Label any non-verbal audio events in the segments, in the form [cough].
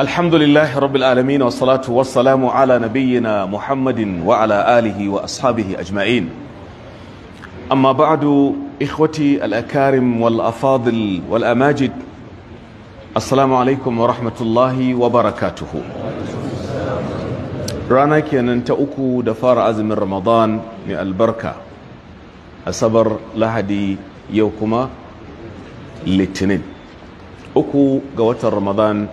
الحمد لله رب العالمين والصلاة والسلام على نبينا محمد وعلى آله وأصحابه أجمعين أما بعد إخوتي الأكارم والأفاضل والأماجد السلام عليكم ورحمة الله وبركاته رانا كيان تأكو دفار أزم رمضان من البركة الصبر لهدي يوكما لتنين أكو قوة رمضان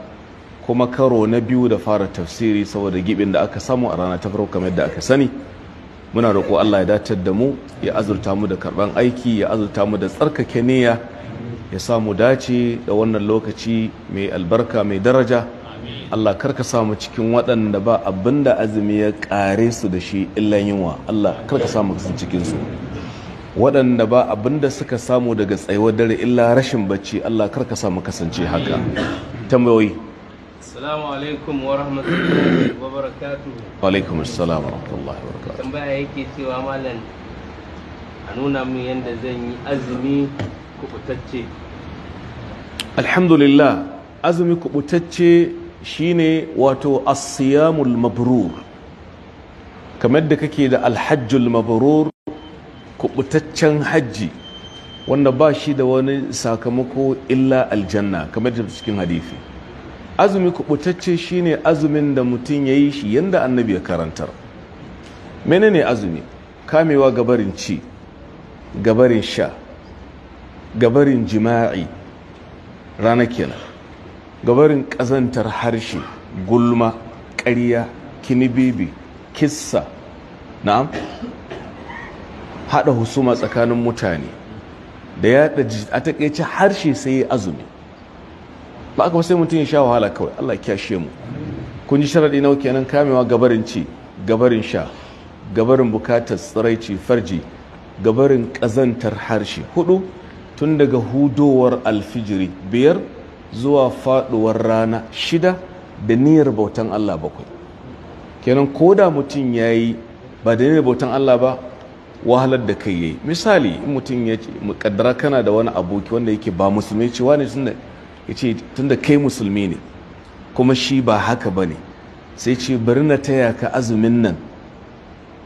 kuma karo na biyu da fara tafsiri saboda gibin da aka samu a rana ta farko kamar da aka sani muna roƙo Allah ya datar da mu ya azurta mu da karban aiki ya azurta mu da tsarkake niyya ya samu dace da wannan lokaci mai albarka mai daraja Allah karka samu cikin waɗanda ba abinda azumi ya ƙare su da shi illan yunwa Allah karka samu cikin cikinsu waɗanda ba abinda suka samu daga tsayuwar dare illa rashin bacci Allah karka samu kasance haka tambayoyi Assalamu alaikum wa rahmatullahi wa barakatuhu. Wa alaikum assalam wa rahmatullahi wa barakatuhu. Tambaya yake cewa malam a nuna min yadda zan yi azumi kubutacce. Alhamdulillah azumi kubutacce shine wato as-siyamul mabrur. Kamar kake da alhajjul mabrur kubutaccen hajji wanda ba shi da wani sakamako illa aljanna kamar da cikin hadisi. azumi kubutacce shine azumin da mutum ya yi shi yadda annabi ya karantar mene ne azumi kamewa gabarin ci gabarin sha gabarin jima'i rana kenan gabarin ƙazantar harshe gulma ƙarya kinibibi kissa na'am haɗa husuma tsakanin mutane da ya a takaice harshe sai azumi ba aka sai mutum ya sha wahala kawai Allah ya kyashe mu kun ji sharaɗi nawa kenan kamewa gabarin ci gabarin sha gabarin bukatar tsiraici farji gabarin ƙazantar harshe hudu tun daga hudowar alfijiri biyar zuwa faɗuwar rana shida da niyyar bautan Allah bakwai kenan ko da mutum ya yi ba da niyyar bautan Allah ba wahalar da kai yayi misali in mutum ya ce kana da wani aboki wanda yake ba musulmi cewa ne tun ya ce tunda kai musulmi ne kuma shi ba haka ba ne sai ce bari na taya ka azumin nan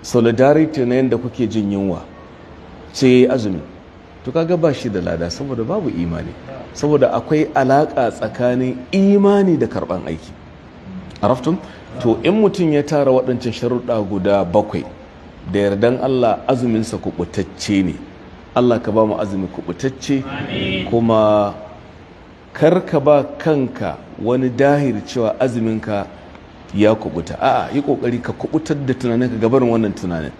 solidarity na yadda kuke jin yunwa sai ya yi azumin to kaga ba shi da lada saboda babu imani saboda akwai alaka tsakanin imani da karɓan aiki araftun to in mutum ya tara waɗancan sharuɗa guda bakwai da yardan allah azuminsa kuɓutacce ne allah ka ba mu azumi kubutacce kuma karka ba kanka wani dahir cewa azuminka ya kubuta a'a yi kokari ka kubutar da tunanin ka gabarin wannan tunanin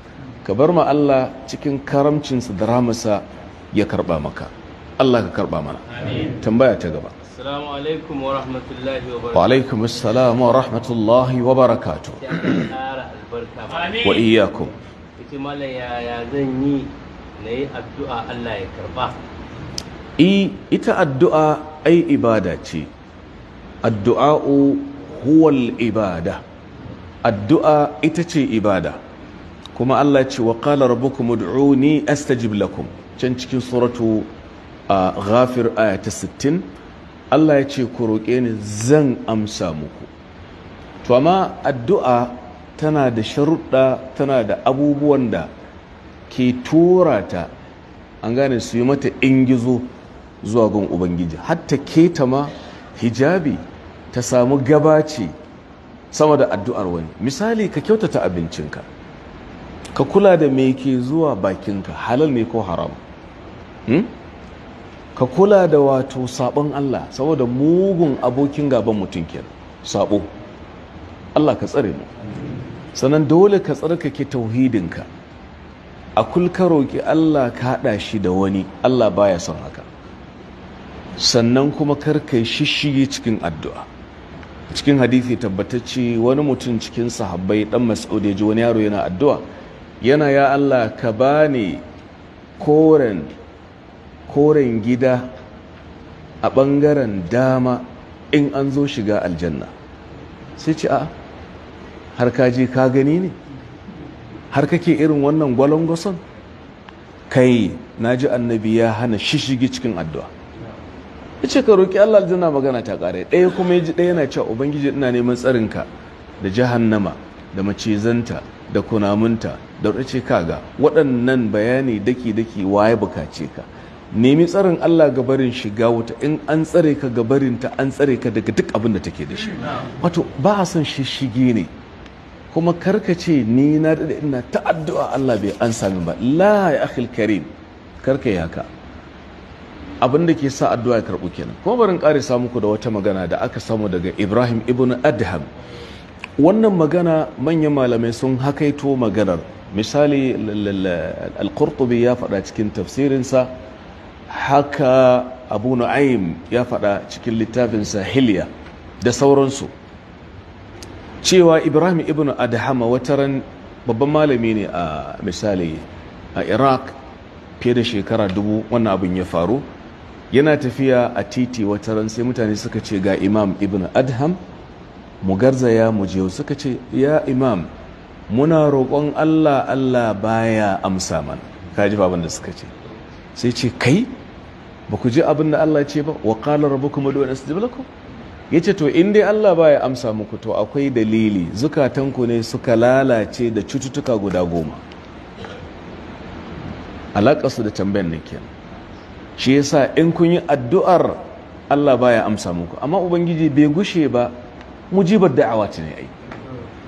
ka bar ma Allah cikin karamcinsa da ramasa ya karba maka Allah ka karba mana tambaya ta gaba assalamu alaikum wa rahmatullahi wa barakatuh wa alaikum assalam wa rahmatullahi wa barakatuh wa iyyakum ita mala ya zan yi nayi addu'a Allah ya karba i e, ita addu'a ai ibada ce addu'a'u huwal ibada addu'a ita ce ibada kuma Allah ce wa qala rabbukum ni astajib lakum can cikin suratu a ghafir aya 60 Allah ya ce ku roƙe ni zan amsa muku to amma addu'a tana da sharuɗa tana da abubuwan da ke tura ta an gane su yi mata ingizo zuwa gun ubangiji hatta keta ma hijabi ta samu gabaci sama da addu'ar wani misali ka kyautata abincinka ka kula da me ke zuwa bakinka halal ne ko haram hmm? ka kula da wato sabon Allah saboda mugun abokin gaban mutum kenan sabo Allah ka tsare mu sannan dole ka tsarkake tauhidinka a kulka roƙi Allah ka haɗa shi da wani Allah baya son haka sannan kuma karkai shishigi cikin addu'a cikin hadithi tabbatacce wani mutum cikin sahabbai dan mas'ud ya ji wani yaro yana addu'a yana ya Allah ka bani koren koren gida a bangaren dama in an zo shiga aljanna sai ce a har ka je ka gani ne har kake irin wannan gwalangwason kai naji annabi ya hana shishigi cikin addu'a ce ka roki Allah aljanna magana ta ƙare ɗaya kuma ji ɗaya yana cewa ubangiji ina neman tsarinka da jahannama da macizanta da kunamunta da race kaga waɗannan bayani daki daki waye bukace ka nemi tsarin Allah ga barin shiga wuta in an tsare ka ga ta an tsare ka daga duk abin da take da shi wato ba a son shishige ne kuma karkace ni na da ina ta addu'a Allah bai an sami ba la ya akhil karim karkai haka abin da ke sa addu'a ya karɓu kenan kuma barin sa muku da wata magana da aka samu daga ibrahim ibn adham wannan magana manyan malamai sun hakaito maganar misali al-qurtubi ya faɗa cikin tafsirinsa haka abu ya faɗa cikin littafinsa hilya da sauransu cewa ibrahim ibn wata ran babban malami ne a misali a iraq fiye da shekara dubu wannan abin ya faru yana tafiya a titi wata ran sai mutane suka ce ga imam ibn adham mu garzaya mu jiyo suka ce ya imam muna roƙon allah allah baya amsa mana ka ji abin da suka ce sai ce kai ba ku ji abin da allah ce ba wa rabu da wani ud'uni ku ya yace to in dai allah baya amsa muku to akwai dalili zukatanku ne suka lalace da cututtuka guda goma alaƙarsu da tambayar nan kenan shi yasa in kun yi addu'ar Allah baya amsa muku amma ubangiji bai gushe ba mujibar da'awa ce ne ai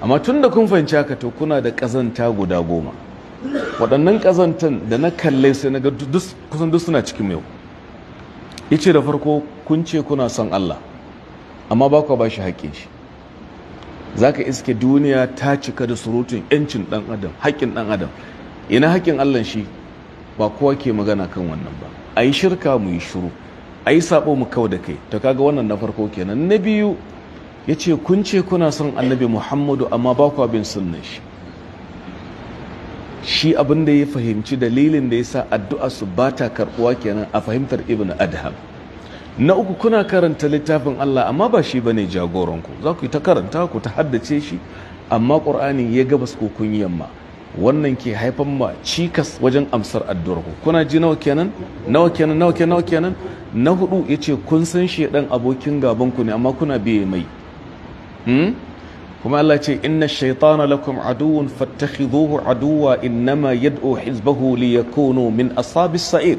amma tunda kun fahimci haka to kuna da kazanta guda goma waɗannan kazantan da na kalle sai na ga kusan duk suna cikin yau yace da farko kun ce kuna son Allah amma ba ku ba shi haƙƙin shi zaka iske duniya ta cika da surutun yancin ɗan adam haƙƙin ɗan adam ina haƙƙin Allah shi ba kowa ke magana kan wannan ba a yi shirka mu yi shuru a yi sabo mu kau da kai to kaga wannan na farko kenan na biyu ya ce kun ce kuna son annabi muhammadu amma ba ku abin sunna shi shi abin da ya fahimci dalilin da ya sa addu'a su ba ta karɓuwa kenan a fahimtar ibn adham na uku kuna karanta littafin allah amma ba shi bane jagoranku za ku yi ta karanta ku ta haddace shi amma ƙur'ani ya gabas ko kun yamma wannan ke haifan ma cikas wajen amsar addu'ar ku kuna ji nawa kenan nawa kenan nawa kenan nawa kenan na hudu yace kun san shi dan abokin gaban ku ne amma kuna biye mai hmm? kuma Allah ce inna shaytana lakum aduwwun fattakhidhuhu aduwwa innama yad'u hizbahu liyakunu min asabis sa'ir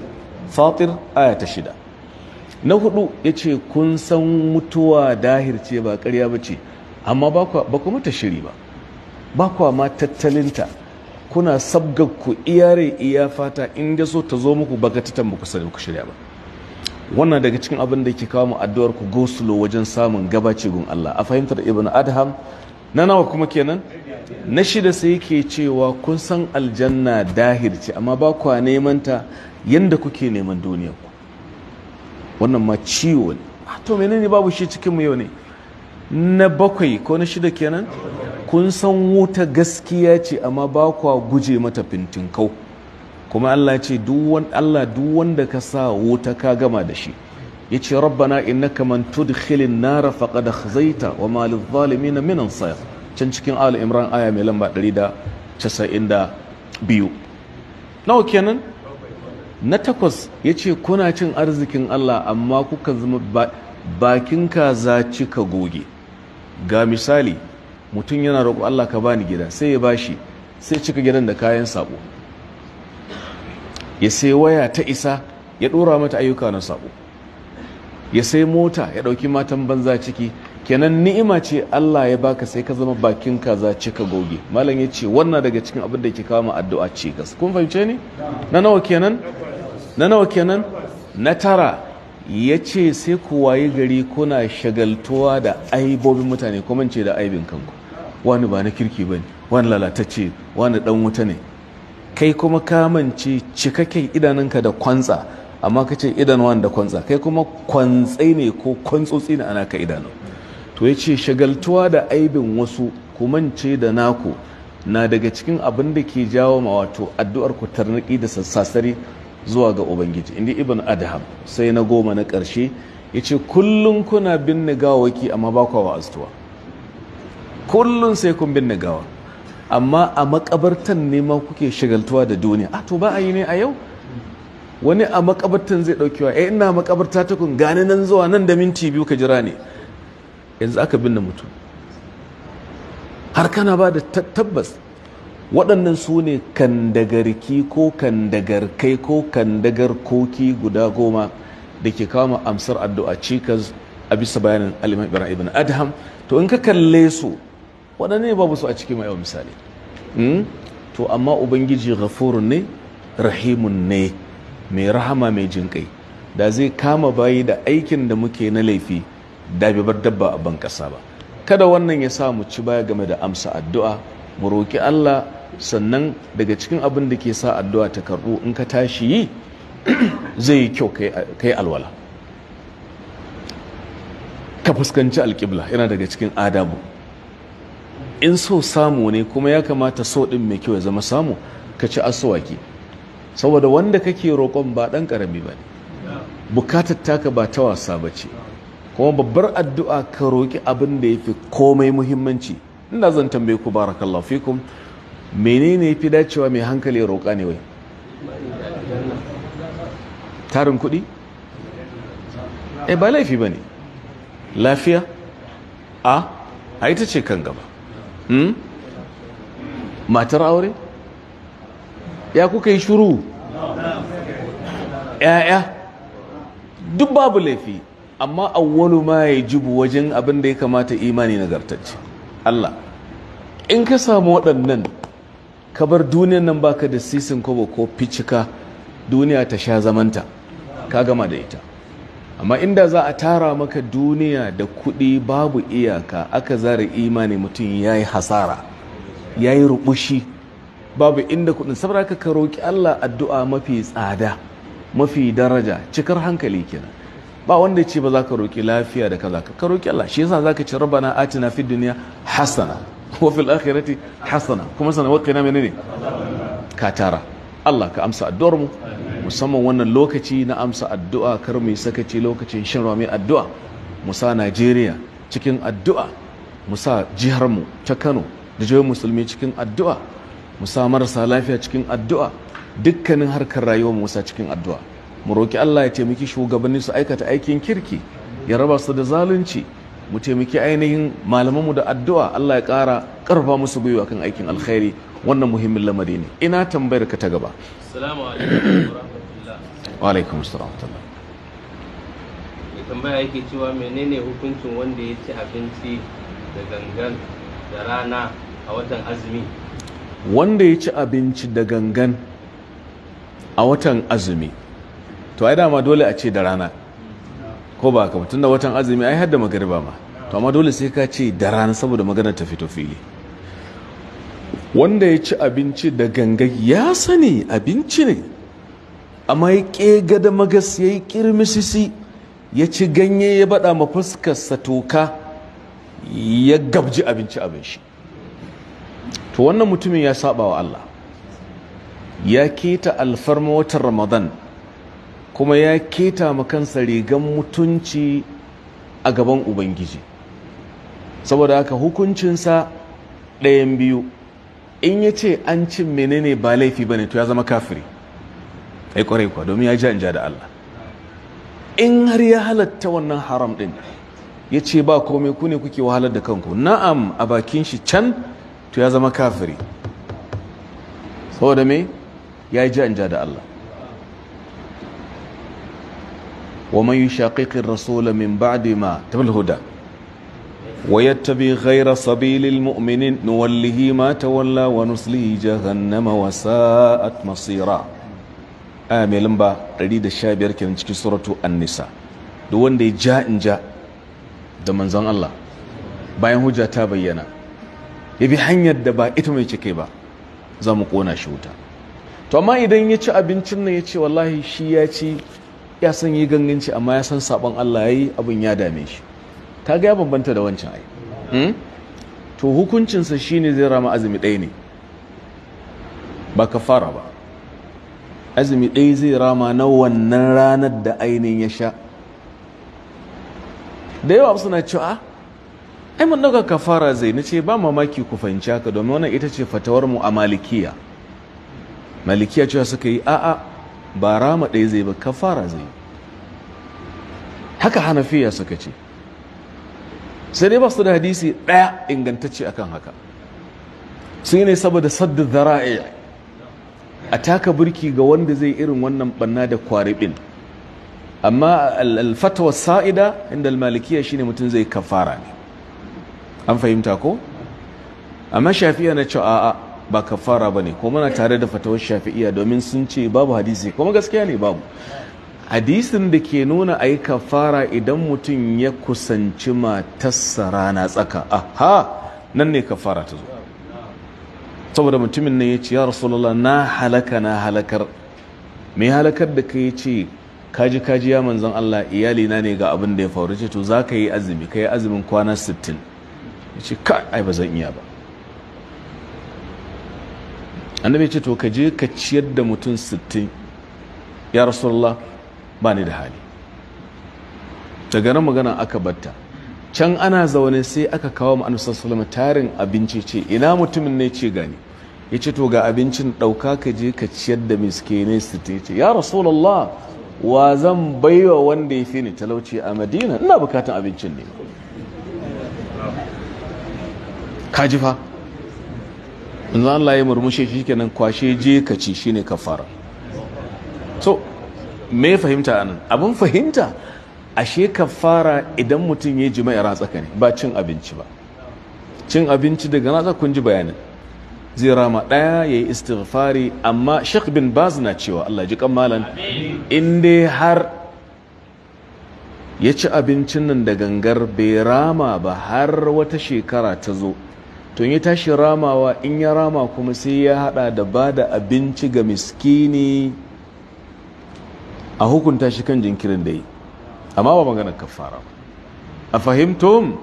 fatir ayata shida na hudu yace kun san mutuwa dahir ce ba ƙarya bace amma ba ku ba ku mata shiri ba ba ku ma tattalinta kuna sabgar ku iyare iya fata in da so ta zo muku baka titan muku sani ku shirya ba wannan daga cikin abin da yake kawo mu addu'ar ku gosulo wajen samun gabaci gun Allah a fahimtar ibn adham na nawa kuma kenan na shida sai yake cewa kun san aljanna dahir ce amma ba kwa neman ta yanda kuke neman duniya ku wannan ma ciwo ne ah, to menene babu shi cikin mu yau ne na bakwai ko na shida kenan kun san wuta gaskiya ce amma ba kwa guje mata fintinkau kuma Allah ce Allah duk wanda ka sa wuta ka gama da shi ya ce rabbana innaka man tudkhilin nara faqad khazaita wa ma lidh-dhalimin min ansar can cikin al imran aya mai lamba 192 nawa kenan na takwas ya ce kuna cin arzikin Allah amma kuka zama bakin kaza cika goge ga misali mutum yana roƙo Allah ka bani gida sai ya bashi sai cika gidan da kayan sabo ya sai waya ta isa ya ɗora mata ayyuka na sabo ya sai mota ya ɗauki matan banza ciki kenan ni'ima ce Allah ya baka sai ka zama bakin kaza cika goge malam ya ce wannan daga cikin abin da ke kama addu'a ce gas kun fahimce ni na nawa kenan na nawa kenan na tara ya ce sai ku wayi gari kuna shagaltuwa da aibobin mutane kuma ce da aibin kanku wani ba na kirki ba ne wani lalatacce wani dan wuta ne kai kuma kamance cikakken idanunka da kwantsa amma ka ce idan wani da kwantsa kai kuma kwantsai ne ko kwantsotsi ne ana ka idanu to ya ce shagaltuwa da aibin wasu kumance da naku na daga cikin abin da ke jawo ma wato addu'ar ku tarniki da sassasari zuwa ga ubangiji inda ibn adham sai na goma na karshe ya ce kullum kuna binne gawaki amma ba kwa wa'aztuwa kullum sai kun binne gawa amma a makabartan ne ma kuke shagaltuwa da duniya a to ba a yi ne a yau wani a makabartan zai daukewa eh ina makabarta ta kun gane nan zuwa nan da minti biyu ka jira ne yanzu aka binne mutum har kana ba da tabbas waɗannan su ne kandagarki ko kandagarkai ko kandagar-koki guda goma da ke kama amsar addu'a cikas a bisa bayanin al'imam ibrahim ibn adham to in ka kalle su waɗanne babu su a cikin mai yawan misali hmm? to amma ubangiji ghafurun ne rahimun ne mai rahama mai jinƙai da zai kama bayi da aikin da muke na laifi da bar dabba a ban ƙasa ba kada wannan ya sa mu ci baya game da amsa addu'a mu roƙi Allah sannan daga cikin abin da ke sa addu'a ta karɓo in ka tashi yi [clears throat] zai yi kyau kai alwala ka fuskanci alƙibla yana daga cikin adabu in so samu ne kuma ya kamata so ɗin mai kyau ya zama samu ka ci asuwaki saboda wanda kake roƙon ba ɗan ƙarami ba ne bukatar taka ba ta wasa ba ce kuma babbar addu'a ka roƙi abin da ya fi komai muhimmanci ina zan tambaye ku barakallahu fikum menene ya fi dacewa mai hankali ya roƙa ne wai tarin kuɗi? eh ba laifi ba ne lafiya a a ita ce kan gaba Hmm? matar aure ya kuka yi shuru ya'ya duk babu laifi amma awwalu ma ya jubu wajen abin da ya kamata imani nagartacce Allah in ka samu waɗannan ka bar duniyan nan baka da sisin kobo ko ficika duniya ta sha zamanta ka gama da ita amma inda za a tara maka duniya da kuɗi babu iyaka aka zara imani mutum ya yi hasara ya yi rubushi babu inda kuɗin saboda aka ka roƙi allah addu'a mafi tsada mafi daraja cikar hankali kenan ba wanda ce ba za ka roƙi lafiya da kaza ka roƙi allah shi yasa za ka ci rabbana atina fid duniya hasana wa fil akhirati hasana kuma sana waqina menene ka tara allah ka amsa addu'ar mu musamman wannan lokaci na amsa addu'a kar mu yi sakaci lokacin shan ruwa mai addu'a musa najeriya cikin addu'a musa jihar mu ta kano da jihohin musulmi cikin addu'a musa marasa lafiya cikin addu'a dukkanin harkar rayuwar musa cikin addu'a mu roki allah ya taimaki shugabanni su aikata aikin kirki ya raba su da zalunci mu taimaki ainihin malaman mu da addu'a allah ya ƙara ƙarfa musu gwiwa kan aikin alkhairi wannan muhimmin lamari ne ina tambayar ka ta gaba wa alaikum assalam tambaya yake cewa menene hukuncin wanda ya ci abinci da gangan da rana a watan azumi wanda ya ci abinci da gangan a watan azumi to ai dama dole a ce da rana ko ba ka tun da watan azumi ai hadda magariba ma to amma dole sai ka ce da rana saboda magana ta fito fili wanda ya ci abinci da gangan ya sani abinci ne amma ya ƙega da magas ya yi ƙirmisisi ya ci ganye ya baɗa ma fuskarsa toka ya gabji abinci abin shi to wannan mutumin ya saba wa Allah ya keta alfarma watan ramadan kuma ya keta makansa rigan mutunci a gaban ubangiji saboda haka hukuncinsa ɗayan biyu in ya ce an cin menene ba laifi bane to ya zama kafiri Ai eh, yi kwarai kuwa domin ya ji an ja da Allah in har ya halatta wannan haram ɗin. ya ce ba komai ku ne kuke wahalar da kanku na'am a bakin shi can to ya zama kafiri saboda me ya ji an ja da Allah wa man yushaqiqir rasul min ba'di ma tabal huda wa yattabi ghayra sabilil mu'minin nuwallihi ma tawalla wa nuslihi jahannama wa sa'at masira aya mai lamba 115 kenan cikin suratu an-nisa duk wanda ya ja in ja da manzon Allah bayan hujja ta bayyana ya bi hanyar da ba ita mai cike ba za mu kona shi wuta to amma idan ya ci abincin nan ya ce wallahi shi ya ci ya san yi ganganci amma ya san sabon Allah yayi yi abin ya dame shi ta ga ya bambanta da wancan ai hmm? to hukuncinsa ne zai rama azumi ɗaya ne ba ka fara ba azumi ɗaya zai rama na wannan ranar da ainihin ya sha da yawa suna cewa ah, ai mun daga kafara zai na ce ba mamaki ku fahimci haka domin wannan ita ce fatawar mu a malikiya malikiya cewa suka yi a'a ba rama ɗaya zai ba kafara zai haka hanafiya suka ce sai dai ba su da hadisi ɗaya ingantacce akan haka sun yi ne saboda sadda zara'i a taka burki ga wanda zai irin wannan banna da kwaribin amma alfatawa sa'ida inda almalikiya shine mutum zai kafara ne an fahimta ko amma shafi'a na ce a'a ba kafara ba ne ko muna tare da fatawar shafi'iya domin sun ce babu hadisi kuma gaskiya ne babu hadisin da ke nuna a yi kafara idan mutum ya kusanci matarsa rana tsaka aha nan ne kafara ta zo saboda mutumin ne ya ce ya rasulullah na halaka na halakar mai halakar da ka yi ce kaji kaji ya manzan Allah iyali na ne ga abin da ya faru ce to za ka yi azumi ka yi azumin kwana 60 ya ce ka ai ba zan iya ba annabi ce to ka je ka ciyar da mutum 60 ya rasulullah ba ni da hali daga nan magana aka batta can ana zaune sai aka kawo ma'anusar an tarin abinci ce ina mutumin ne ce gani ya ce to ga abincin ɗauka ka je ka ciyar da miskinai su ta ce ya rasulallah wa zan baiwa wanda ya fi ni talauci a madina ina bukatan abincin ne ka ji fa in za murmushe shi nan kwashe je ka ci shi ne ka fara. so me fahimta anan abin fahimta ashe fara idan mutum ya mai ratsaka ne ba cin abinci ba cin abinci daga za kun ji bayanin zai rama ɗaya ya yi istighfari amma shek bin baz na cewa Allah ji kammalan in dai har ya ci abincin nan da gangar bai rama ba har wata shekara ta zo tun ya tashi ramawa in ya rama kuma sai ya hada da ba da abinci ga miskini a hukunta shi kan jinkirin da yi amma ba maganar kafara a fahimtom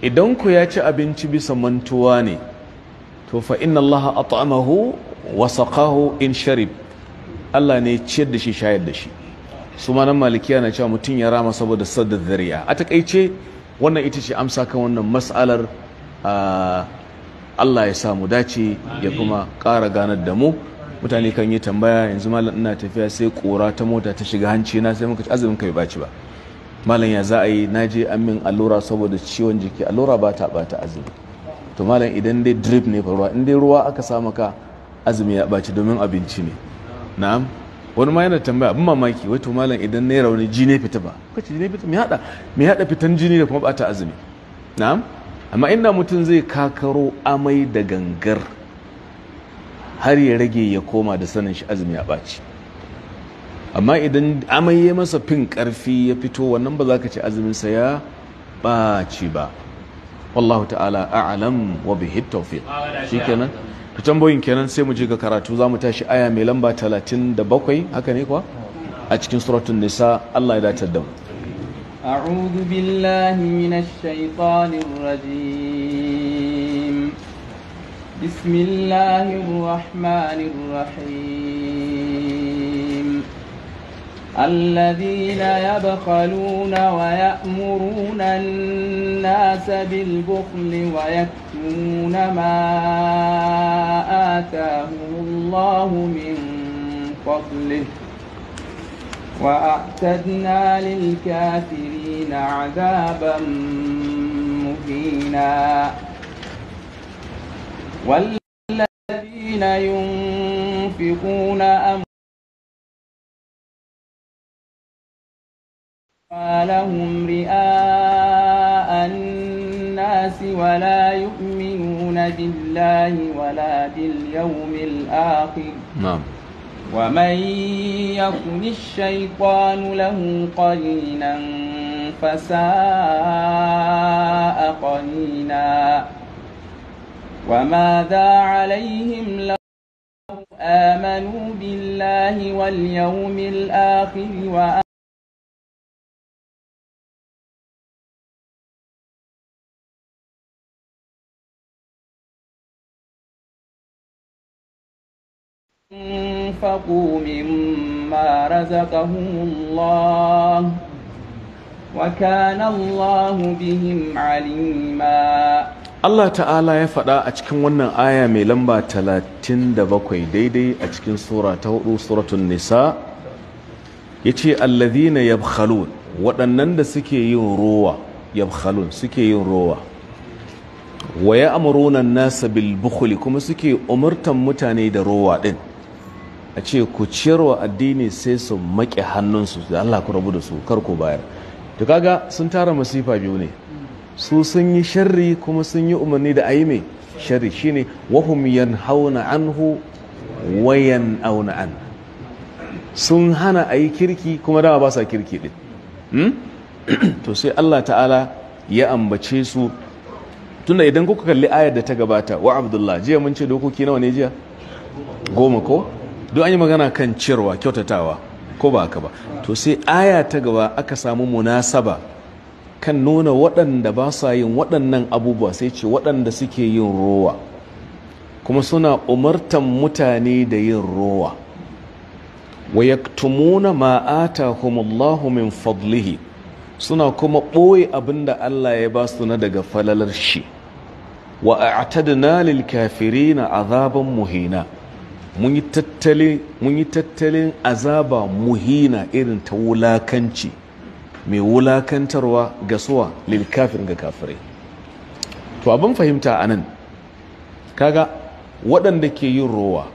idan ku ya ci abinci bisa mantuwa ne to fa inna allaha at'amahu wa saqahu in sharib Allah ne ciyar da shi shayar da shi su ma nan malikiya na cewa mutum ya rama saboda sadda zariya a takaice wannan ita ce amsa kan wannan mas'alar Allah ya samu dace ya kuma ƙara ganar da mu mutane kan yi tambaya yanzu malam ina tafiya sai kora ta mota ta shiga hanci na sai muka ci azumin kai baci ba malam ya za a yi naje an min allura saboda ciwon jiki allura ba ta bata azumi to malam idan dai drip ne ruwa in dai ruwa aka sa maka azumi ya ɓaci domin abinci ne na'am wani ma yana tambaya abin mamaki wai to malam idan na rauni ji ne fita ba kace ji ne fita me hada me hada fitan jini da kuma bata azumi na'am amma inda mutum zai kakaro amai da gangar har ya rage ya koma da sanin shi azumi ya baci amma idan amai ya masa fin karfi ya fito wannan ba za ka azumin sa ya baci ba والله تعالى أعلم وبه التوفيق شكرا تتنبوين كنا سيمجيك كراتو زامو تاشي آية ميلمبا تلاتين دبوكي هكا نيكوا أتكين سورة النساء الله إذا تدو أعوذ بالله من الشيطان الرجيم بسم الله الرحمن الرحيم الذين يبخلون ويأمرون الناس بالبخل ويكتمون ما آتاهم الله من فضله وأعتدنا للكافرين عذابا مهينا والذين ينفقون أموالهم لهم رئاء الناس ولا يؤمنون بالله ولا باليوم الآخر نعم ومن يكن الشيطان له قرينا فساء قرينا وماذا عليهم لو آمنوا بالله واليوم الآخر وآمنوا أنفقوا مما رزقهم الله وكان الله بهم عليما Allah ta'ala ya faɗa a cikin wannan aya mai lamba 37 daidai a cikin sura ta hudu suratun nisa ya ce Yab yabkhalun waɗannan da suke yin rowa yabkhalun suke yin rowa wa ya amuruna nasa bilbukhuli kuma suke umurtan mutane da rowa ɗin a ce ku ciyarwa addini sai su maƙe hannunsu da Allah ku rabu da su kar ku bayar to kaga sun tara masifa biyu ne su sun yi sharri kuma sun yi umarni da ayi mai sharri shine wahum yanhauna anhu wayan auna an sun hana a yi kirki kuma dama ba sa kirki din hmm? to sai Allah ta'ala ya ambace su tunda idan kuka kalli ayar da ta gabata wa abdullahi jiya mun ce dokoki nawa ne jiya goma ko don an yi magana kan ciyarwa kyautatawa ko ba haka ba to sai aya ta gaba aka samu munasaba kan nuna waɗanda ba sa yin waɗannan abubuwa sai ce waɗanda suke yin rowa kuma suna umartan mutane da yin rowa wa yaktumuna ma atahumullahu min fadlihi suna kuma ɓoye abinda Allah ya ba su na daga falalar shi wa a'tadna lil kafirina azaban muhina mun yi tattalin azaba muhina irin ta wulakanci mai wulakantarwa ga suwa lil ga kafirai to abin fahimta anan kaga waɗanda ke yin rowa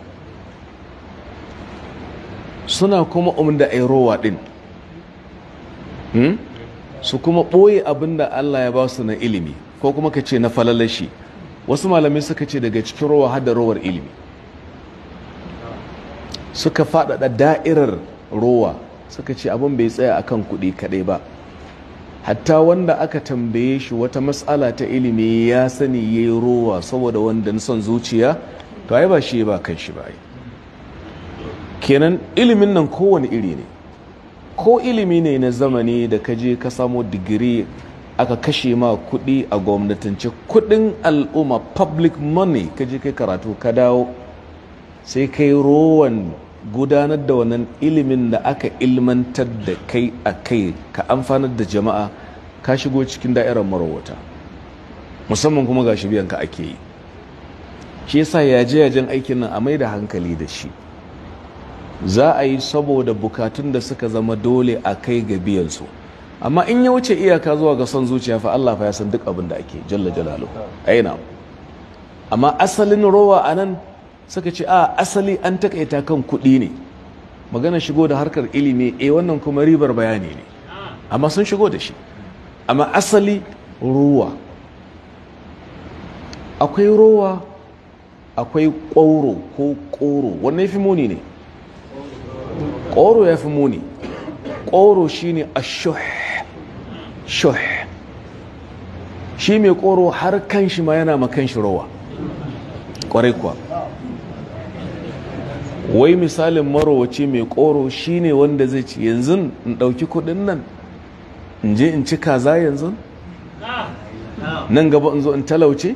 suna kuma umar da yi rowa ɗin hmm? su kuma ɓoye abin da Allah ya ba su na ilimi ko kuma ka ce na falalashi wasu malamai suka ce daga cikin rowa hada da rowar ilimi suka faɗaɗa da'irar rowa suka ce abin bai tsaya a kan kuɗi kaɗai ba hatta wanda aka tambaye shi wata matsala ta ilimi ya sani ya yi rowa saboda wanda son zuciya to ai ba shi ba kan shi ba kenan ilimin nan kowane iri ne ko ilimi ne na zamani da ka je ka samo digiri aka kashe ma kuɗi a gwamnatance kuɗin al'umma public money ka je kai karatu ka dawo sai kai rowan gudanar da wannan ilimin da aka ilmantar da kai a kai ka amfanar da jama'a ka shigo cikin da'irar marawata musamman kuma ga shi ka ake yi shi yasa yaje yajen aikin nan a mai da hankali da shi za a yi saboda bukatun da suka zama dole a kai ga biyansu amma in ya wuce iyaka zuwa ga son zuciya fa Allah fa ya san duk abin da ake jalla jalalu aina amma asalin rowa anan suka ce a asali an takaita kan kuɗi ne magana shigo da harkar ilimi e wannan kuma ribar bayani ne amma sun shigo da shi amma asali ruwa akwai rowa akwai ƙwauro ko ƙoro wannan ya fi muni ne ƙoro ya fi muni ƙoro shi ne a shuh shi mai ƙoro har kan shi ma yana makan shi rowa ƙwarai kuwa wai misalin marowaci mai koro shine wanda zai ci yanzu in ɗauki kuɗin nan in je in ci kaza yanzu nan gaba in zo in talauce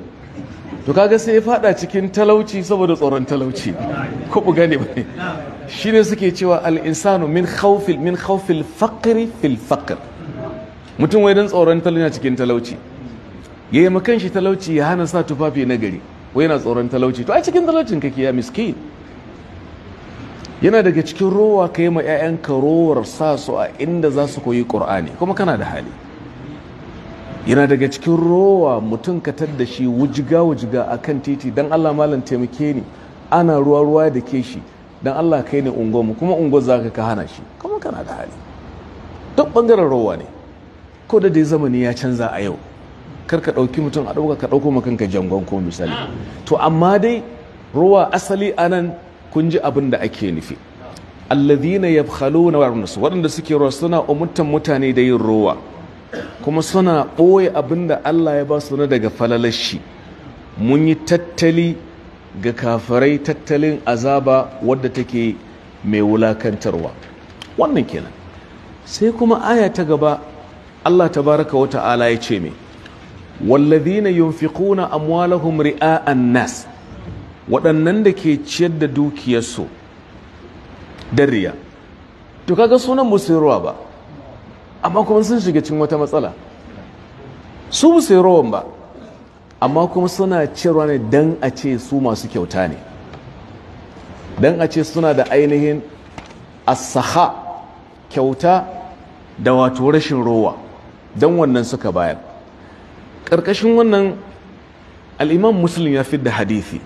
to kaga sai ya fada cikin talauci saboda tsoron talauci ko bu gane ba shine suke cewa al-insanu min khawfil min khawfil faqr fil faqr mutum wai dan tsoron talauci cikin talauci yayi makan shi talauci ya hana sa tufafi na gari wai yana tsoron talauci to a cikin talaucin kake ya miskin yana daga cikin rowa ka yi ma 'ya'yanka rowar sa su a inda za su koyi ƙur'ani kuma kana da hali yana daga cikin rowa mutum ka tadda shi wujiga wujiga a kan titi don allah malam taimake ni ana ruwa ruwa da ke shi don allah kai ne mu kuma ungon za ka ka hana shi kuma kana da hali duk bangaren rowa ne ko da dai zamani ya canza a yau kar ka ɗauki mutum a ɗauka ka ɗauko makanka jangon ko misali to amma dai rowa asali anan kun ji abin da ake nufi alladhina yabkhaluna wa yarnus waɗanda suke ruwa suna umurtan mutane da yin rowa kuma suna ɓoye abin da Allah ya ba su na daga falalashi mun yi tattali ga kafarai tattalin azaba wadda take mai wulakantarwa wannan kenan sai kuma aya ta gaba Allah ta baraka wata ala ya ce mai wallazina yunfiquna amwalahum an nas waɗannan da ke ciyar da dukiyarsu da riya to kaga sunan musu rawa ba amma kuma sun shiga cikin wata matsala su musu rawan ba amma kuma suna ciyarwa ne don a ce su masu kyauta ne don a ce suna da ainihin asaha kyauta da wato rashin rowa don wannan suka bayan ƙarƙashin wannan al'imam musulun ya fi da hadithi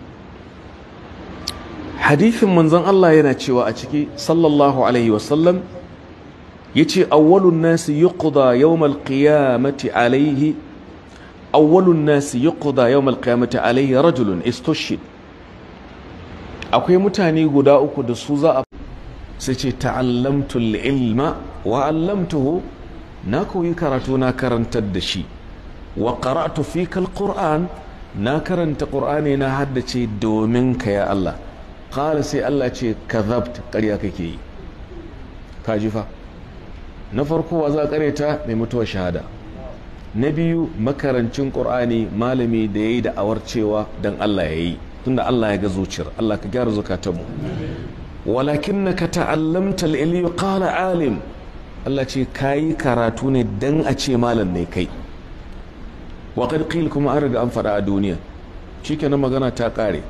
hadithin manzon Allah yana cewa a ciki sallallahu alaihi wasallam yace awwalun nasi yuqda yawmal qiyamati alaihi awwalun nasi yuqda yawmal qiyamati alaihi rajulun istushid akwai mutane guda uku da su za a sai ce ta'allamtu ilma wa 'allamtuhu na koyi karatu na karantar da shi wa qara'tu fika al na karanta qur'ani na haddace domin ka ya Allah kala sai Allah ce kadhabta ƙarya kake yi ka ji fa na farko wa za kare ta mai mutuwar shahada na biyu makarancin Ƙur'ani malami da ya yayi da'awar cewa don Allah ya yi, tunda Allah ya ga zuciyar Allah ka gyara na ka ta'allamta al kala alim Allah ce ka yi karatu ne don a ce malam ne kai wa qad kuma an riga an faɗa a duniya na magana ta ƙare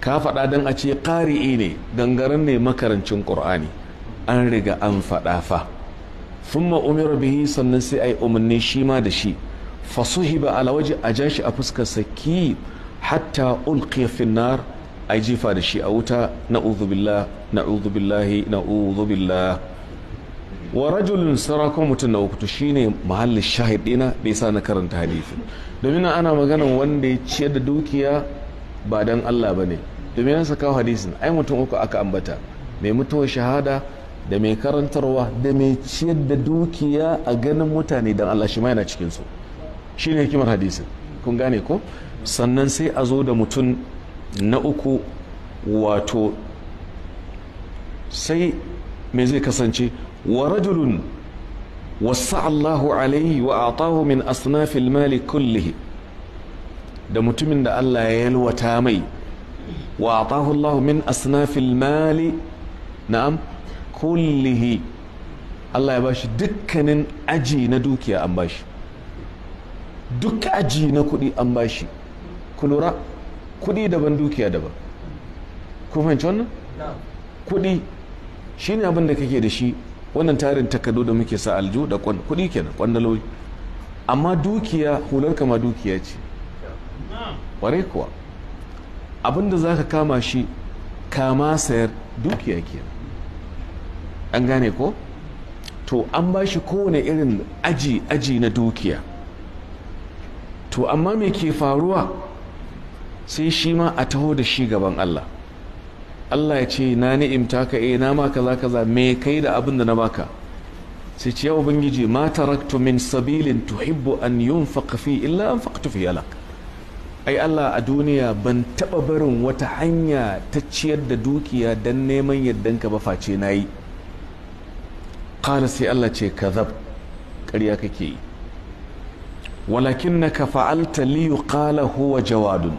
ka faɗa don a ce ƙari'i ne gangaren ne makarancin ƙur'ani an riga an faɗa fa thumma umira bihi sannan sai ai umarni shi ma da shi fasuhiba ala waje a ja shi a fuskar saki hatta ulqiya finnar a jifa da shi a wuta na uzubillah na uzubillahi na uzubillah wa rajulun sarakon mutum na uku to shine mahallin shahid dina da yasa na karanta hadisi domin ana maganan wanda ya ciyar da dukiya ba don Allah ba ne domin yansa saka hadisin ai mutum uku aka ambata mai mutuwar shahada da mai karantarwa da mai ciyar da dukiya a ganin mutane don Allah shi ma yana cikin su shine hikimar hadisin kun gane ko sannan sai a zo da mutum na uku wato sai me zai kasance wa rajulun wasa Allahu alaihi wa atahu min asnafil mali kullihi da mutumin da Allah ya yalwata mai wa Allah min asnafil mali na'am kullihi Allah ya bashi dukkanin aji na dukiya an bashi duk aji na kuɗi an bashi kulura kuɗi daban dukiya daban ku fahimci wannan kuɗi shine abin da kake da shi wannan tarin takardu da muke sa aljo da kuɗi kenan kwandaloji amma dukiya hular kama dukiya ce ƙwarai kuwa abinda za ka kama shi kama sayar dukiya kenan an gane ko to an ba shi kowane irin aji aji na dukiya to amma me ke faruwa sai shi ma a taho da shi gaban Allah Allah ya ce na ni'imta ka eh na ma kaza kaza me kai da abin da na baka sai ce ya ubangiji ma taraktu min sabilin tuhibbu an yunfaqa fi illa an anfaqtu fi yalak ai Allah a duniya ban taɓa barin wata hanya ta ciyar da dukiya don neman yardanka ba face na yi ƙara sai Allah ce kazab ƙarya kake yi walakin na ka fa'alta liyu ƙala huwa jawadun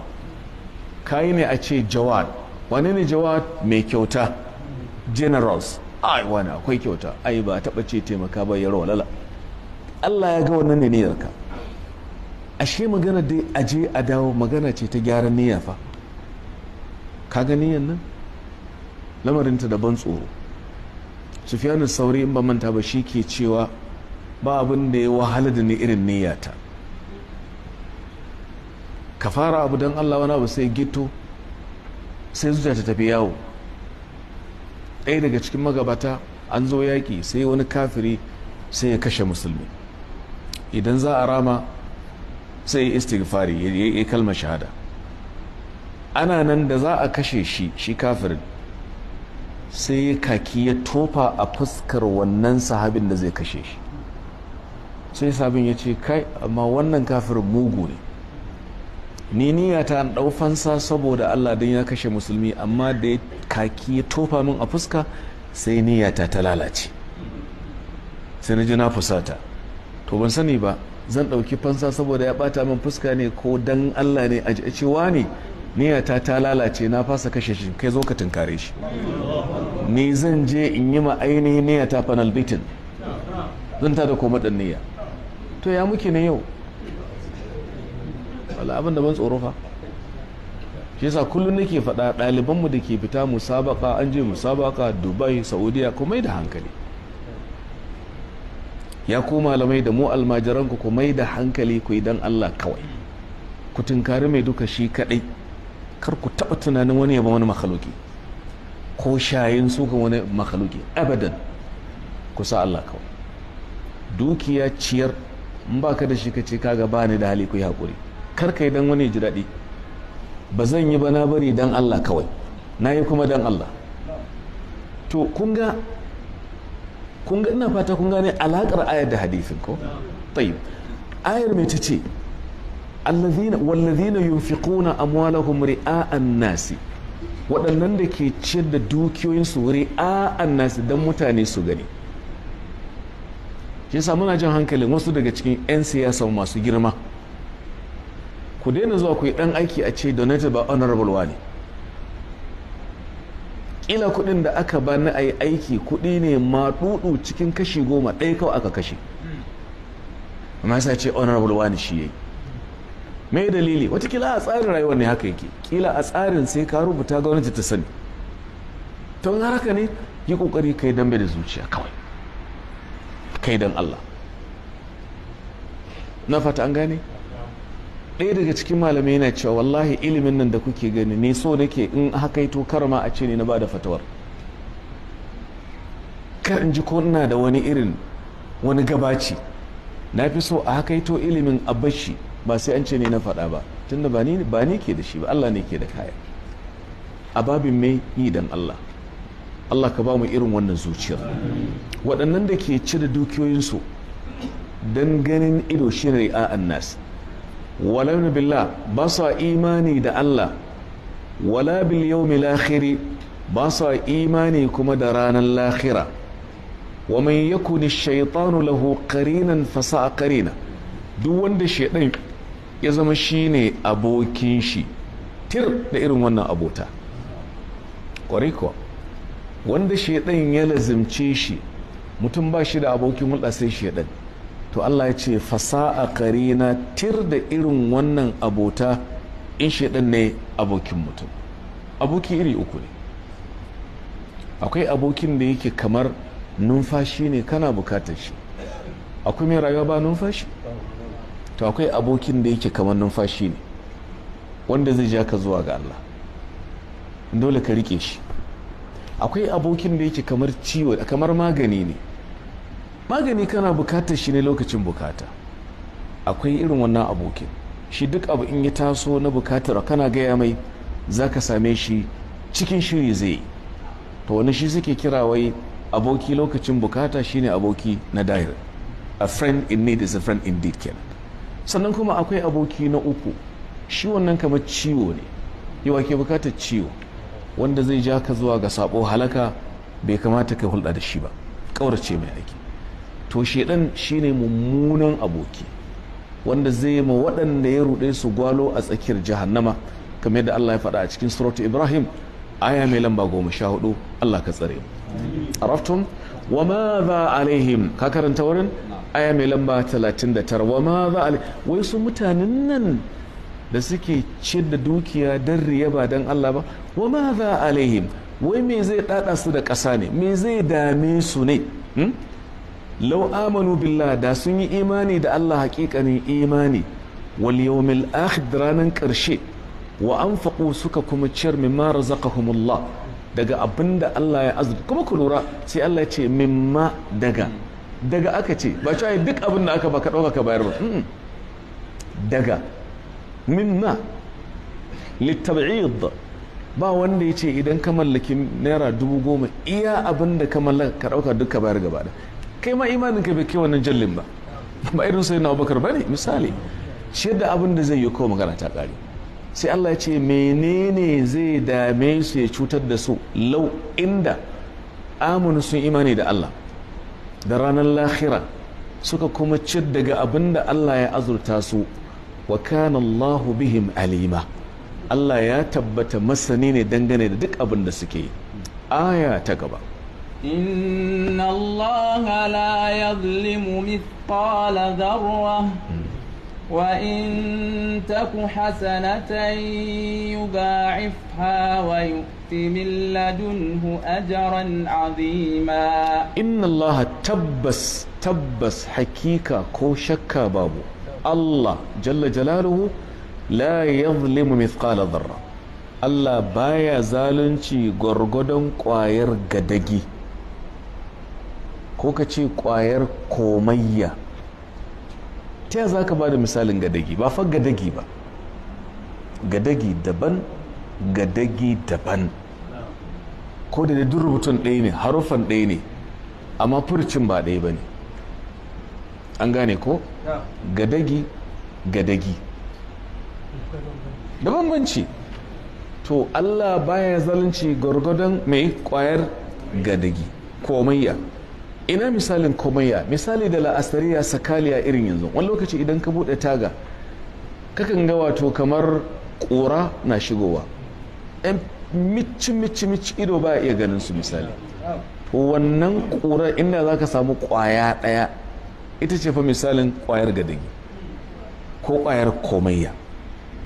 kayi ne a ce jawad wani ne jawad mai kyauta generals ai wani akwai kyauta ai ba taɓa ce taimaka ba ya lala Allah ya ga wannan ne yarka. ashe magana dai aje a dawo magana ce ta gyaran niyya fa ka gani niyyan nan lamarinta daban tsoro sufiyanu sauri in ba manta ba shi ke cewa ba abin da ya wahala da ni irin niyyata ka fara abu don allah wani abu sai gito sai zuciya ta tafi yawo ɗaya daga cikin magabata an zo yaƙi sai wani kafiri sai ya kashe musulmi idan za a rama sai istighfari ya kalmar shahada ana nan da za a kashe shi shi kafirin sai kaki ya tofa a fuskar wannan sahabin da zai kashe shi sai sabin ya ce kai amma wannan kafirin mugu ne ni niyya an daufansa saboda allah don ya kashe musulmi amma da ya kaki ya tofa min a fuska sai niyyata ta lalace sai na ji na fusata to ban sani ba zan ɗauki fansa saboda ya bata min fuska ne ko dan Allah ne a cewa ne niyata ta lalace na fasa kashe shi kai zo ka tunkare shi ni zan je in yi ma ainihin niyata fanal bitin zan ta da koma ɗan niyya to ya muke ne yau wala abin da ban tsoro fa shi yasa kullum nake faɗa ɗalibanmu da ke fita musabaka an je musabaka dubai saudiya komai da hankali ya ku malamai da mu almajiranku ku mai da hankali ku idan Allah kawai ku tunkari mai duka shi kaɗai kar ku taɓa tunanin wani ya wani makhaluki ko shayin su ga wani makhaluki abadan ku sa Allah kawai dukiya ciyar in baka da shi ka ce kaga ba ni da hali ku yi haƙuri kar ka yi wani ji daɗi ba zan yi ba na bari dan Allah kawai nayi kuma dan Allah to kun ga kun ina fata kun gane alaƙar ayar da hadisin ko tayyib ayar mai tace allazina wallazina yunfiquna amwalahum ri'a'an nasi waɗannan da ke ciyar da dukiyoyin dukiyoyinsu ri'a'an nasi dan mutane su gani shi yasa muna jan hankali wasu daga cikin 'yan siyasa masu girma ku daina zuwa ku yi ɗan aiki a ce donated by honorable wani kila kuɗin da aka ba ni a yi aiki kuɗi ne maɗuɗu cikin kashi goma ɗaya kawai aka kashe amma sai ce honorable wani shi yayi mai dalili watakila a tsarin rayuwar ne haka yake kila a tsarin sai ka rubuta ga wani ta sani don har haka ne yi kokari kai dambe da zuciya kawai kai dan allah na fata an gane ɗaya daga cikin malamai yana cewa wallahi ilimin nan da kuke gani ne so nake in haka to karma a ce ne na ba da fatawar kar in ji ko ina da wani irin wani gabaci na fi so a haka to ilimin a bashi ba sai an ce ne na faɗa ba tunda ba ni ba ni ke da shi ba Allah ne ke da kaya a babin mai yi dan Allah Allah ka ba mu irin wannan zuciyar waɗannan da ke ci da dukiyoyinsu don ganin ido shi ne a annas wala billah ba sa imani da Allah wala bil yawmil akhir ba sa imani kuma da ranar lahira wa man yakun ash-shaytanu lahu qarinan fa sa'a qarina duk wanda shedan ya zama shine abokin shi tir da irin wannan abota kwarai kuwa wanda shedan ya lazimce shi mutum ba shi da abokin hulɗa sai shedan to Allah ya ce fasa'a karina tir da irin wannan abota in shaidan ne abokin mutum aboki iri uku ne akwai abokin da yake kamar numfashi ne kana bukatar shi akwai mai rayuwa ba numfashi to akwai abokin da yake kamar numfashi ne wanda zai ja ka zuwa ga Allah dole ka rike shi akwai abokin da yake kamar ciwo kamar magani ne magani kana bukatar shi ne lokacin bukata akwai irin wannan abokin shi duk abu in ya taso na bukatar kana gaya mai za ka same shi cikin shiri zai to wani shi suke kira wai aboki lokacin bukata shine aboki na dair a friend in need is a friend indeed kenan sannan kuma akwai aboki na uku shi wannan kamar ciwo ne yawa ke bukatar ciwo wanda zai ja ka zuwa ga sabo halaka bai kamata ka hulɗa da shi ba ƙaurace mai aiki to shedan shine mummunan aboki wanda zai ma waɗanda ya ruɗe su gwalo a tsakiyar jahannama kamar yadda Allah ya faɗa a cikin suratu Ibrahim aya mai lamba goma sha hudu Allah ka tsare araftum wa ma za alaihim ka karanta wurin aya mai lamba talatin tara wa ma za wai su mutanen nan da suke cin da dukiya don riya ba don Allah ba wa ma za alaihim wai me zai ɗaɗa su da ƙasa ne me zai dame su ne hmm? lau amanu billah da sun yi imani da Allah hakikanin imani wal yawmil akhir ranan karshe wa anfaqu suka kuma ciyar mimma razaqahumullah daga abinda Allah ya azurta kuma ku lura sai Allah ya ce mimma daga daga aka ce ba cewa duk abin da aka baka dauka ka bayar ba daga mimma litab'id ba wanda ya ce idan ka mallaki naira dubu goma iya abin da ka mallaka ka dauka duk ka bayar gaba da kai ma imanin ka bai kai wannan jallin ba ba irin sai na abubakar ba ne misali shi da abin da zai yi kowa magana ta ƙare sai allah ya ce menene zai dame su ya cutar da su lau inda amunu sun imani da allah da ranar lahira suka kuma ci daga abin da allah ya azurta su wa kana allahu bihim alima allah ya tabbata masani ne dangane da duk abin da suke aya ta gaba إن الله لا يظلم مثقال ذرة وإن تك حسنة يضاعفها ويؤت من لدنه أجرا عظيما إن الله تبس تبس حقيقة كو شكا بابو الله جل جلاله لا يظلم مثقال ذرة الله بايا زالنشي غرغدن قوير gadagi. ko ka ce kwayar komayya ta yi za ka ba da misalin gadagi ba fa gadagi ba gadagi daban gadagi daban ko da duk rubutun ɗaya ne harufan ɗaya ne amma furcin ba ɗaya ba ne an gane ko gadagi gadagi da bambanci to allah baya zalunci gwargwadon mai kwayar gadagi komayya ina misalin komayya misali da la'asariya sakaliya irin yanzu wani lokaci idan ka buɗe taga kakan ga wato kamar kura na shigowa yan mici mici mici ido ba iya ganin su misali wannan ƙura inda za ka samu kwaya ɗaya ita ce fa misalin ƙwayar gadagi ko kwayar komaiya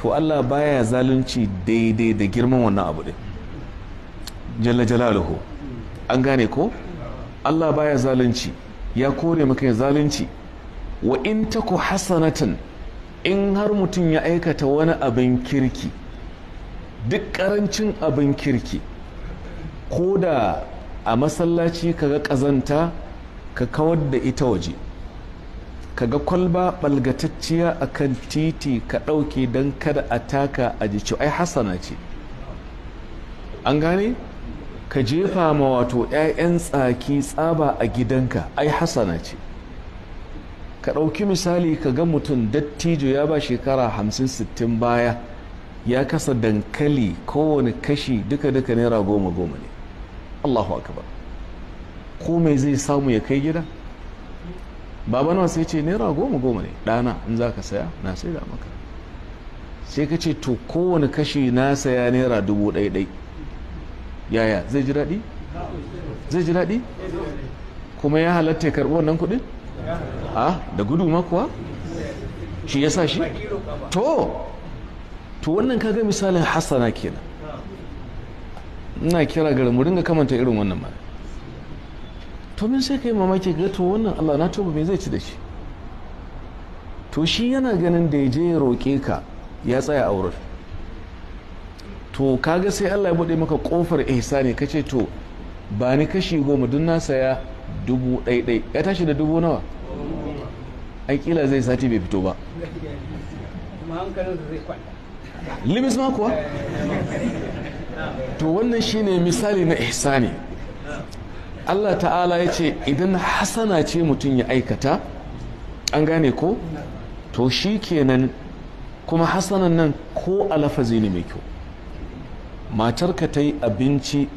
to allah baya zalunci daidai da girman wannan abu ɗin jalla jalaluhu an gane ko Allah baya zalunci ya kore maka zalunci wa in taku hasanatan in har mutum ya aikata wani abin kirki duk karancin abin kirki ko da a masallaci ka ga kazanta ka kawar da ita waje kaga kwalba balgatacciya a kan titi ka ɗauke don kada a taka a ji ai hasana ce an gane ka jefa ma wato 'ya'yan tsaki tsaba a gidanka ai hasana ce ka ɗauki misali ka ga mutum dattijo ya ba shekara 50-60 baya ya kasa dankali kowane kashi duka-duka naira goma-goma ne allahu akbar ko mai zai samu ya kai gida baba nawa sai ce naira goma-goma ne ɗana in za ka saya na sai da maka sai ka ce to kowane kashi na saya naira dubu ɗai-ɗai yaya zai ji daɗi zai ji daɗi kuma ya halatta ya karɓi wannan kuɗin a da gudu makuwa shi ya sa shi to to wannan kaga misalin hassana kenan ina kira gara mu ringa kamanta irin wannan ma to min sai kai mamaki ga to wannan Allah na tuba me zai ci da shi to shi yana ganin da ya je ya roƙe ka ya tsaya a wurin to kaga sai Allah ya bude maka kofar ihsani kace to ba ni kashi goma dun na saya dubu ɗaiɗai ya tashi da dubu nawa ai kila zai sati bai fito ba limis ma kuwa to wannan shine misali na ihsani Allah ta'ala ya ce idan hasana ce mutum ya aikata an gane ko to shi kenan kuma hasanan nan ko a lafazi ne mai kyau matarka ta yi abinci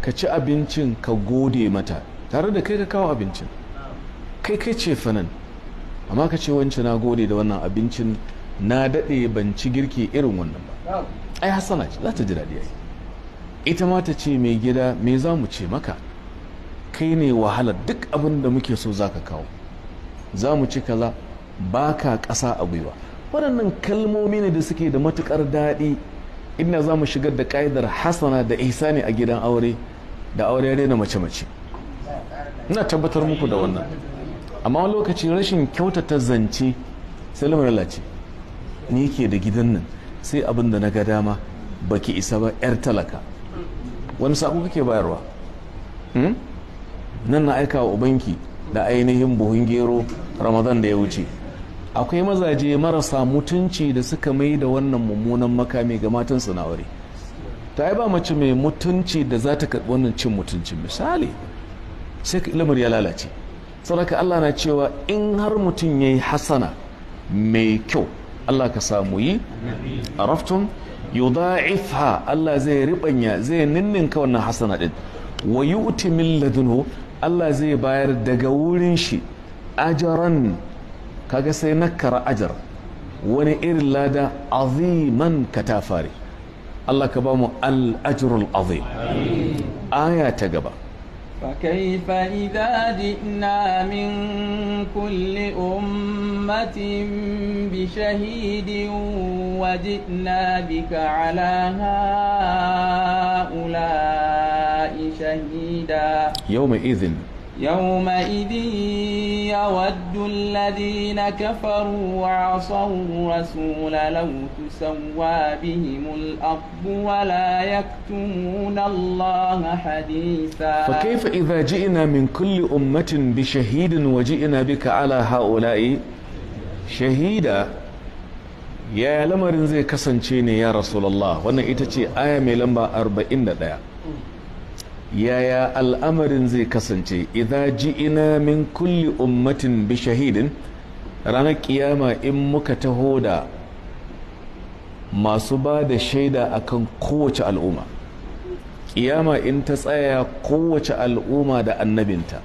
ka ci abincin ka gode mata tare da kai ka kawo abincin kai kai ce fanan amma ka ce wance na gode da wannan abincin na daɗe ban ci girki irin wannan ba ai hasana za ta ji daɗi ita ma ta ce mai gida me za mu ce maka kai ne wahala duk abin da muke so za ka kawo za mu ci kaza ba ka ƙasa a gwiwa waɗannan kalmomi ne da suke da matuƙar daɗi inda za mu shigar da ƙa'idar hasana da isa ne a gidan aure da aure ya daina mace-mace ina tabbatar muku da wannan amma wani lokaci rashin kyautata zance sai lamarin ce ni ke da gidan nan sai abin da na ga dama baki isa ba 'yar talaka wani sako kake bayarwa hmm? nan na aika wa ubanki da ainihin buhun gero ramadan da ya wuce akwai mazaje marasa mutunci da suka mai da wannan mummunan makami ga matan na aure ta yi ba mace mai mutunci da za ta karɓi wannan cin mutuncin misali sai ka ya lalace sadaka Allah na cewa in har mutum ya yi hasana mai kyau Allah ka samu yi a raftun yudha'ifha Allah zai ribanya zai ninninka wannan hasana din wa yu'ti min ladunhu Allah zai bayar daga wurin shi ajaran kaga sai nakara ajar wani irin lada aziman katafare Allah ka ba mu al azim aya ta gaba فكيف إذا جئنا من كل أمة بشهيد وجئنا بك على هؤلاء يومئذ يود الذين كفروا وعصوا الرسول لو تسوى بهم الأرض ولا يكتمون الله حديثا فكيف إذا جئنا من كل أمة بشهيد وجئنا بك على هؤلاء شهيدا يا لمرين زي كسنشيني يا رسول الله وانا ايتاتي آية ميلمبا أربعين دقيقة yaya al'amarin zai kasance idan ji ina min kulli ummatin bi shahidin ranar kiyama in muka taho da masu ba da shaida akan kowace al'umma kiyama in ta tsaya kowace al'umma da annabinta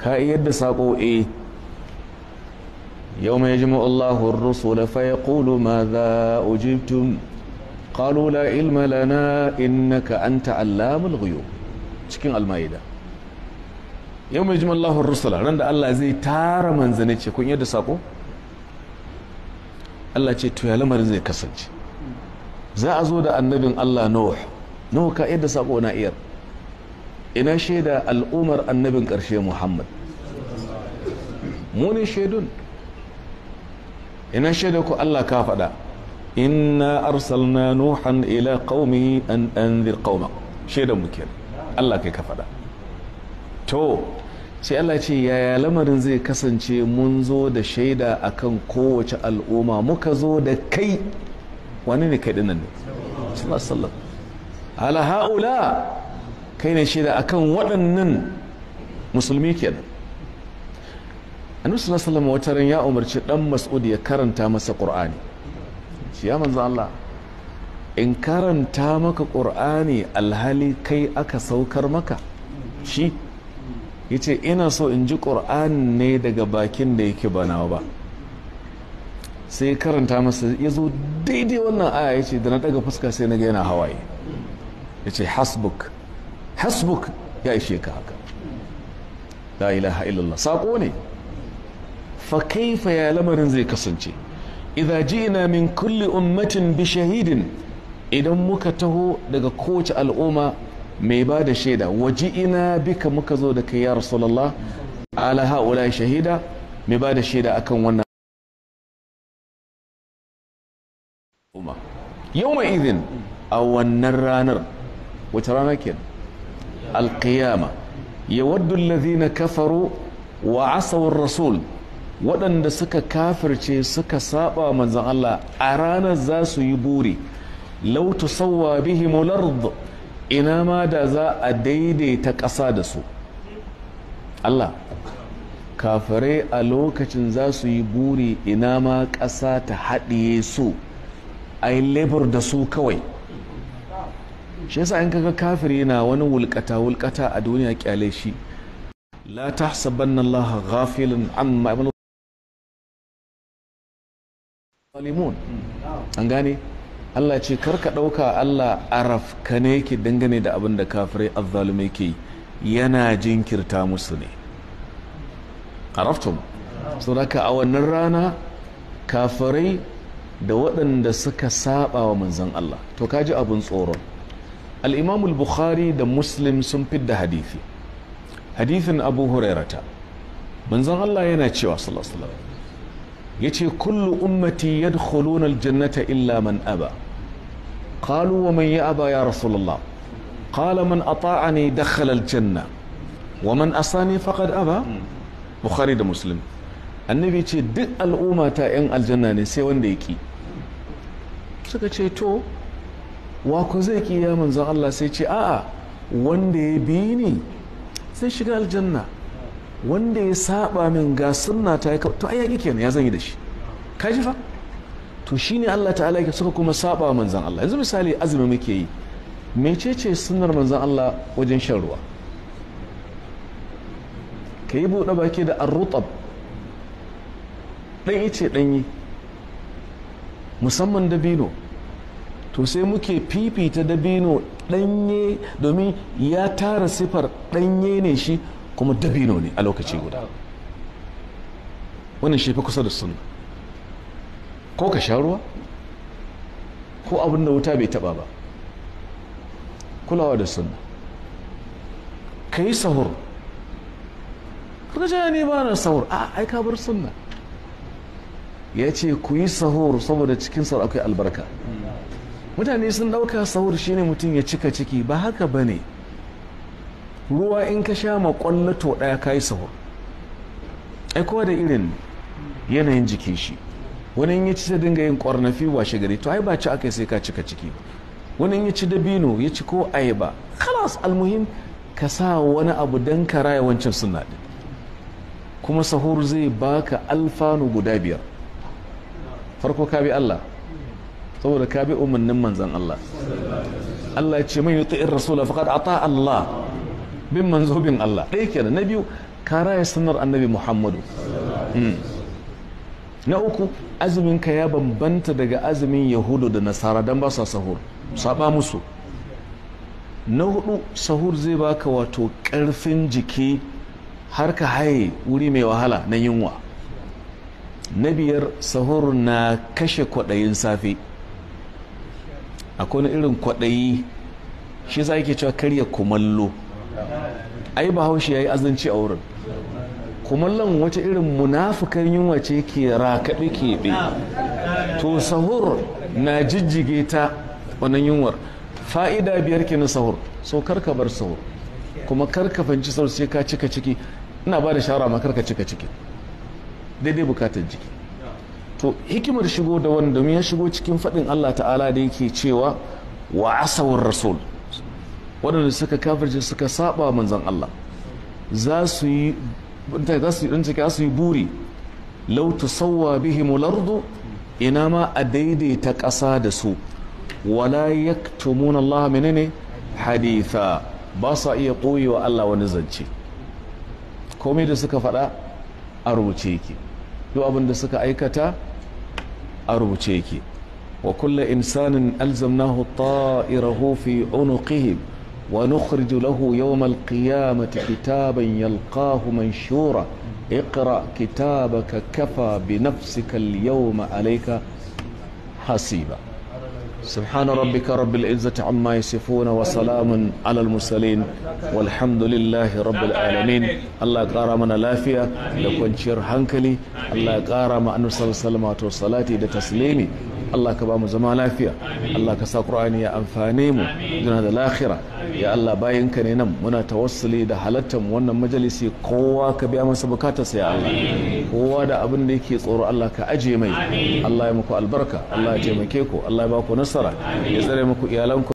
ka yadda saƙo e eh, yau mai jima'ullahu rusula fa da ƙulu ma za ujibtum قالوا لا ilma لنا innaka anta علام الغيوب cikin almaida yau mai jimar Allahun rusula ran da Allah zai tara manzane ce kun yadda sako Allah ce to ya lamarin zai kasance za a zo da annabin Allah Nuh Nuh ka yadda sako na iyar ina shaida al'umar annabin ƙarshe Muhammad munin shaidun ina shaida ku Allah ka faɗa inna arsalna nuhan ila qaumi an anzir qauma shaidan mu kenan Allah kai ka faɗa to sai Allah ce yaya lamarin zai kasance mun zo da shaida akan kowace al'umma muka zo da kai wani ne kai dinnan ne ala haula kai ne shaida akan waɗannan musulmi kenan annabi sallallahu alaihi wasallam wata ran ya umarci dan mas'ud ya karanta masa qur'ani shi ya manzo Allah in karanta maka ƙur'ani alhali kai aka saukar maka shi ya ce ina so in ji ƙur'ani ne daga bakin da yake bana ba sai karanta masa ya zo daidai wannan aya ya da na daga fuska sai na gaina hawaye ya ce hasbuk hasbuk ya ishe ka haka la ilaha illallah saƙo ne fa kaifa ya lamarin zai kasance ji ji'na min kulli ummatin bi shahidin idan muka taho daga kowace al'umma mai ba da shaida waji'ina bika muka zo da kai ya rasulullah ala haula shahida mai ba da shaida akan wannan umma yawma idhin a wannan ranar wata rana kenan alqiyama yawaddu alladhina kafaru wa asaw ar-rasul waɗanda suka kafirce suka saba manzan Allah a ranar za su yi buri lautu tusawwa bihim al ina ma da za a daidaita ƙasa da su Allah kafirai a lokacin za su yi buri ina ma ƙasa ta haɗiye su a yi labar da su kawai shi yasa in kaga kafiri na wani wulƙata wulƙata a duniya kyale shi la tahsabanna Allah ghafilan amma zalimun hmm. an gane Allah ce karka ɗauka Allah ka ne ke dangane da abin da kafirai azzalumai ke yana jinkirta musu ne araftum raka a wannan rana kafirai da waɗanda suka saba wa manzan Allah to kaji abin tsoron al'imamul bukhari da Muslim sun fidda hadithi. hadithin Abu Hurairata manzan Allah yana cewa sallallahu alaihi yace kullu ummati yadkhuluna aljannata illa man aba qalu wa man aba ya rasulallah. qala man da dakhala janna. wa man asani faqad aba bukhari da muslim annabi ce duk al'umma ta yan aljanna ne sai wanda ya ƙi suka ce to wa ku zai ki ya manzon Allah sai ce a'a wanda ya bi ni sai shiga aljanna wanda ya saba min ga sunna ta kawai to ai yaki kenan ya zanyi da shi ka ji fa to shine Allah ta'ala yake suka kuma saba manzon Allah yanzu misali azumi muke yi mecece sunnar manzon Allah wajen shan ruwa ka yi buɗe baki da arrutab ɗan ice ɗanyi musamman dabino to sai muke fifita dabino ɗanye domin ya tara siffar ɗanye ne shi kuma dabino ne a lokaci guda wannan shi fi kusa da sunna ko ka sha ruwa ko abin da wuta bai taba ba kulawa da sunna ka yi sahur kaga ne ba na sahur a ai ka bar sunna ya ce ku yi sahur saboda cikin sahur akwai albarka mutane sun dauka sahur shine mutum ya cika ciki ba haka bane ne ruwa in ka sha makwallato ɗaya ka yi sahur ai kowa da irin yanayin jikin shi wani ya ci ta dinga yin kwarnafi washe gari to ai ba ci aka sai ka cika ciki wani ya ci dabino ya ci ko ayaba khalas almuhim ka sa wani abu don ka raya wancan suna din kuma sahur zai baka alfanu guda biyar farko ka bi Allah saboda ka bi umarnin manzan Allah Allah ya ce man yuti in rasula faqad ata Allah bin manzo bin Allah ɗaya kenan na biyu kara ya sanar annabi Muhammadu hmm. na uku azumin ka ya bambanta daga azumin yahudu da nasara don ba sa sahur saba musu na hudu sahur zai baka wato karfin jiki har ka haye wuri mai wahala na yunwa na biyar sahur na kashe kwaɗayin safe akwai irin kwaɗayi shi za ke cewa karya kumallo ai bahaushe ya yi azanci a wurin kuma kumallon wata irin munafukan yunwa ce ke rakaɓe keɓe to sahur na jijjige ta wannan yunwar fa'ida biyar ke na sahur so karka bar sahur kuma karka fanci sahur sai ka cika ciki ina ba da shara ma karka cika ciki daidai bukatar jiki to hikimar shigo da wanda ya shigo cikin faɗin Allah ta'ala da yake cewa wa asawar rasul waɗanda suka kafirce suka saba manzon Allah za su yi su yi buri law tusawwa bihim ina ma a daidaita ƙasa da su wala yaktumuna Allah menene haditha ba sa iya wa Allah wani zance komai da suka faɗa a rubuce yake abin da suka aikata a rubuce yake wa kulla insanin alzamnahu ta'irahu fi unuqihim ونخرج له يوم القيامة كتابا يلقاه منشورا اقرأ كتابك كفى بنفسك اليوم عليك حسيبا سبحان ربك رب العزة عما يصفون وسلام على المرسلين والحمد لله رب العالمين الله قارا من لافيا لكون شير هنكلي الله قارا ما أنه صلى الله عليه وسلم وصلاتي لتسليمي Allah ka ba mu zama lafiya Allah ka sa Qur'ani ya amfane mu duna da lahira ya Allah bayin ka ne nan muna tawassuli da halattar wannan majalisi kowa ka biya masa bukatarsa ya Allah kowa da abin da yake tsoro Allah ka aje mai Allah ya muku albarka Allah ya taimake ku Allah ya ba ku nasara ya tsare muku iyalanku